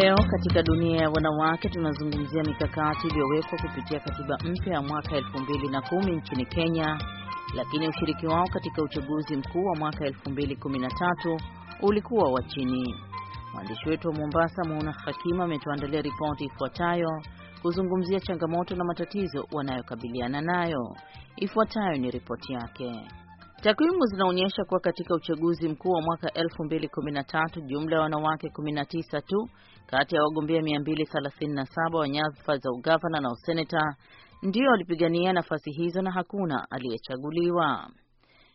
Leo katika dunia ya wanawake tunazungumzia mikakati iliyowekwa kupitia katiba mpya ya mwaka 2010 nchini Kenya, lakini ushiriki wao katika uchaguzi mkuu wa mwaka 2013 ulikuwa wa chini. Mwandishi wetu wa Mombasa Muna Hakima ametuandalia ripoti ifuatayo kuzungumzia changamoto na matatizo wanayokabiliana nayo. Ifuatayo ni ripoti yake. Takwimu zinaonyesha kuwa katika uchaguzi mkuu wa mwaka 2013 jumla ya wanawake 19 tu kati ya wagombea 237 wa nyadhifa za ugavana na useneta ndio walipigania nafasi hizo na hakuna aliyechaguliwa.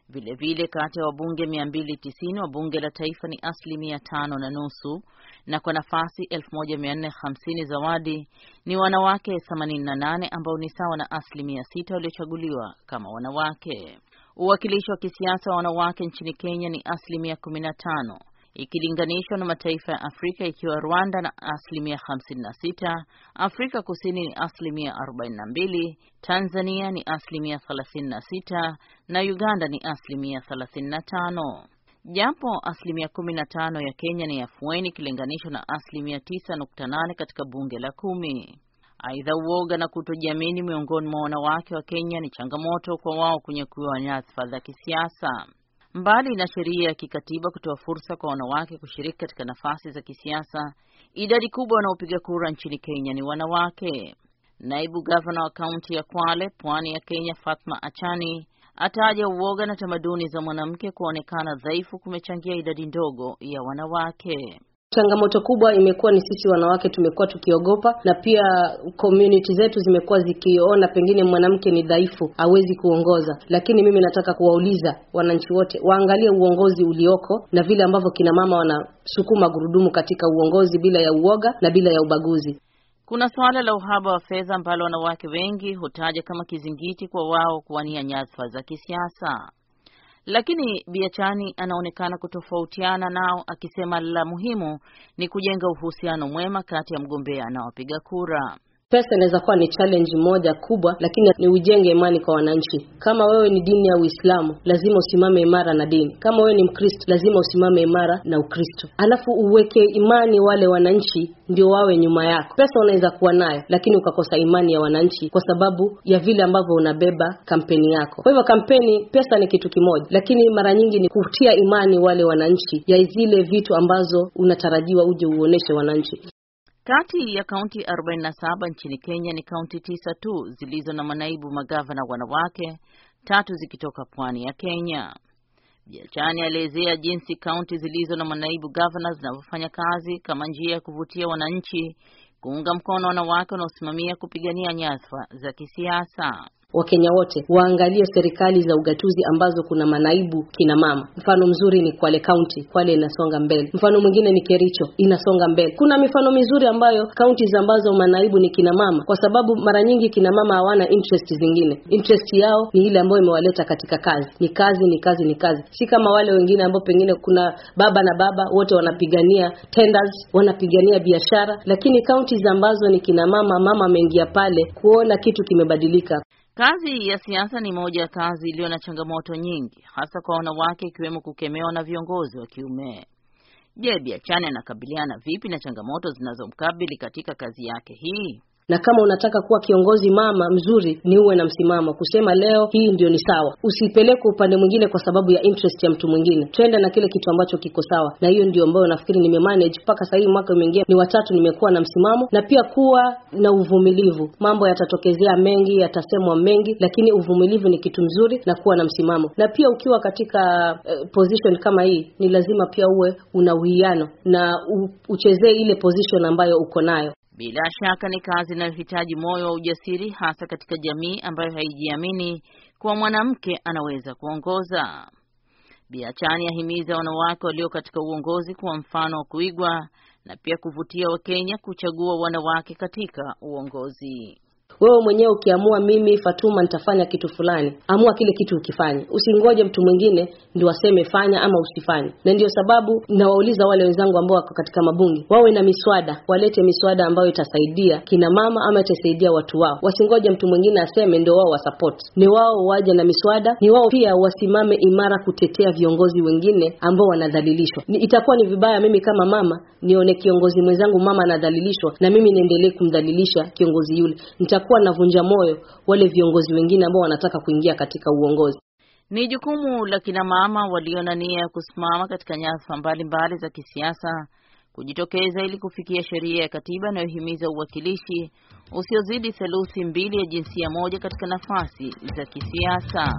Vilevile, kati ya wabunge 290 wa bunge la taifa ni asilimia tano na nusu, na kwa nafasi 1450 zawadi ni wanawake 88 ambao ni sawa na asilimia sita waliochaguliwa kama wanawake. Uwakilishi wa kisiasa wa wanawake nchini Kenya ni asilimia 15 ikilinganishwa na mataifa ya Afrika ikiwa Rwanda na asilimia 56, Afrika Kusini ni asilimia 42, Tanzania ni asilimia 36 na Uganda ni asilimia 35. Japo asilimia kumi na tano ya Kenya ni afueni ikilinganishwa na asilimia tisa nukta nane katika bunge la kumi. Aidha, uoga na kutojiamini miongoni mwa wanawake wa Kenya ni changamoto kwa wao kunyakuliwa nyadhifa za kisiasa. Mbali na sheria ya kikatiba kutoa fursa kwa wanawake kushiriki katika nafasi za kisiasa, idadi kubwa wanaopiga kura nchini Kenya ni wanawake. Naibu gavana wa kaunti ya Kwale, pwani ya Kenya, Fatma Achani ataja uoga na tamaduni za mwanamke kuonekana dhaifu kumechangia idadi ndogo ya wanawake. Changamoto kubwa imekuwa ni sisi wanawake tumekuwa tukiogopa, na pia community zetu zimekuwa zikiona pengine mwanamke ni dhaifu, hawezi kuongoza. Lakini mimi nataka kuwauliza wananchi wote waangalie uongozi ulioko na vile ambavyo kina mama wanasukuma gurudumu katika uongozi bila ya uoga na bila ya ubaguzi. Kuna suala la uhaba wa fedha ambalo wanawake wengi hutaja kama kizingiti kwa wao kuwania nyadhifa za kisiasa. Lakini Biachani anaonekana kutofautiana nao, akisema la muhimu ni kujenga uhusiano mwema kati ya mgombea na wapiga kura. Pesa inaweza kuwa ni challenge moja kubwa, lakini ni ujenge imani kwa wananchi. Kama wewe ni dini ya Uislamu, lazima usimame imara na dini. Kama wewe ni Mkristo, lazima usimame imara na Ukristo, alafu uweke imani wale wananchi ndio wawe nyuma yako. Pesa unaweza kuwa nayo, lakini ukakosa imani ya wananchi kwa sababu ya vile ambavyo unabeba kampeni yako. Kwa hivyo kampeni, pesa ni kitu kimoja, lakini mara nyingi ni kutia imani wale wananchi ya zile vitu ambazo unatarajiwa uje uoneshe wananchi. Kati ya kaunti 47 nchini Kenya ni kaunti tisa tu zilizo na manaibu magavana wanawake, tatu zikitoka pwani ya Kenya. Biachani alielezea jinsi kaunti zilizo na manaibu gavana zinavyofanya kazi kama njia ya kuvutia wananchi kuunga mkono wanawake wanaosimamia kupigania nyadhifa za kisiasa. Wakenya wote waangalie serikali za ugatuzi ambazo kuna manaibu kina mama. Mfano mzuri ni Kwale County, Kwale inasonga mbele. Mfano mwingine ni Kericho inasonga mbele. Kuna mifano mizuri ambayo kaunti ambazo manaibu ni kina mama, kwa sababu mara nyingi kina mama hawana interest zingine. Interest yao ni ile ambayo imewaleta katika kazi, ni kazi, ni kazi, ni kazi, si kama wale wengine ambao pengine kuna baba na baba wote wanapigania tenders, wanapigania biashara, lakini counties ambazo ni kina mama, mama ameingia pale kuona kitu kimebadilika. Kazi ya siasa ni moja ya kazi iliyo na changamoto nyingi, hasa kwa wanawake, ikiwemo kukemewa na viongozi wa kiume. Je, Biachane anakabiliana vipi na changamoto zinazomkabili katika kazi yake hii? na kama unataka kuwa kiongozi mama mzuri, ni uwe na msimamo kusema leo hii ndio ni sawa, usipeleke upande mwingine kwa sababu ya interest ya mtu mwingine. Twenda na kile kitu ambacho kiko sawa, na hiyo ndio ambayo nafikiri nimemanage mpaka sasa. Hii mwaka umeingia ni watatu, nimekuwa na msimamo na pia kuwa na uvumilivu. Mambo yatatokezea mengi, yatasemwa mengi, lakini uvumilivu ni kitu mzuri na kuwa na msimamo. Na pia ukiwa katika uh, position kama hii, ni lazima pia uwe una uwiano na uchezee ile position ambayo uko nayo. Bila shaka ni kazi inayohitaji moyo wa ujasiri, hasa katika jamii ambayo haijiamini kuwa mwanamke anaweza kuongoza. Biachani ahimiza wanawake walio katika uongozi kuwa mfano wa kuigwa na pia kuvutia Wakenya kuchagua wanawake katika uongozi. Wewe mwenyewe ukiamua, mimi Fatuma nitafanya kitu fulani, amua kile kitu ukifanye, usingoje mtu mwingine ndio aseme fanya ama usifanye. Na ndiyo sababu nawauliza wale wenzangu ambao wako katika mabunge wawe na miswada, walete miswada ambayo itasaidia kina mama ama itasaidia watu wao, wasingoje mtu mwingine aseme ndio wao wasupport. Ni wao waje na miswada, ni wao pia wasimame imara kutetea viongozi wengine ambao wanadhalilishwa. Itakuwa ni vibaya mimi kama mama nione kiongozi mwenzangu mama anadhalilishwa na mimi niendelee kumdhalilisha kiongozi yule Nita inakuwa navunja moyo wale viongozi wengine ambao wanataka kuingia katika uongozi. Ni jukumu la kina mama walio na nia ya kusimama katika nyadhifa mbalimbali za kisiasa kujitokeza ili kufikia sheria ya katiba inayohimiza uwakilishi usiozidi theluthi mbili ya jinsia moja katika nafasi za kisiasa.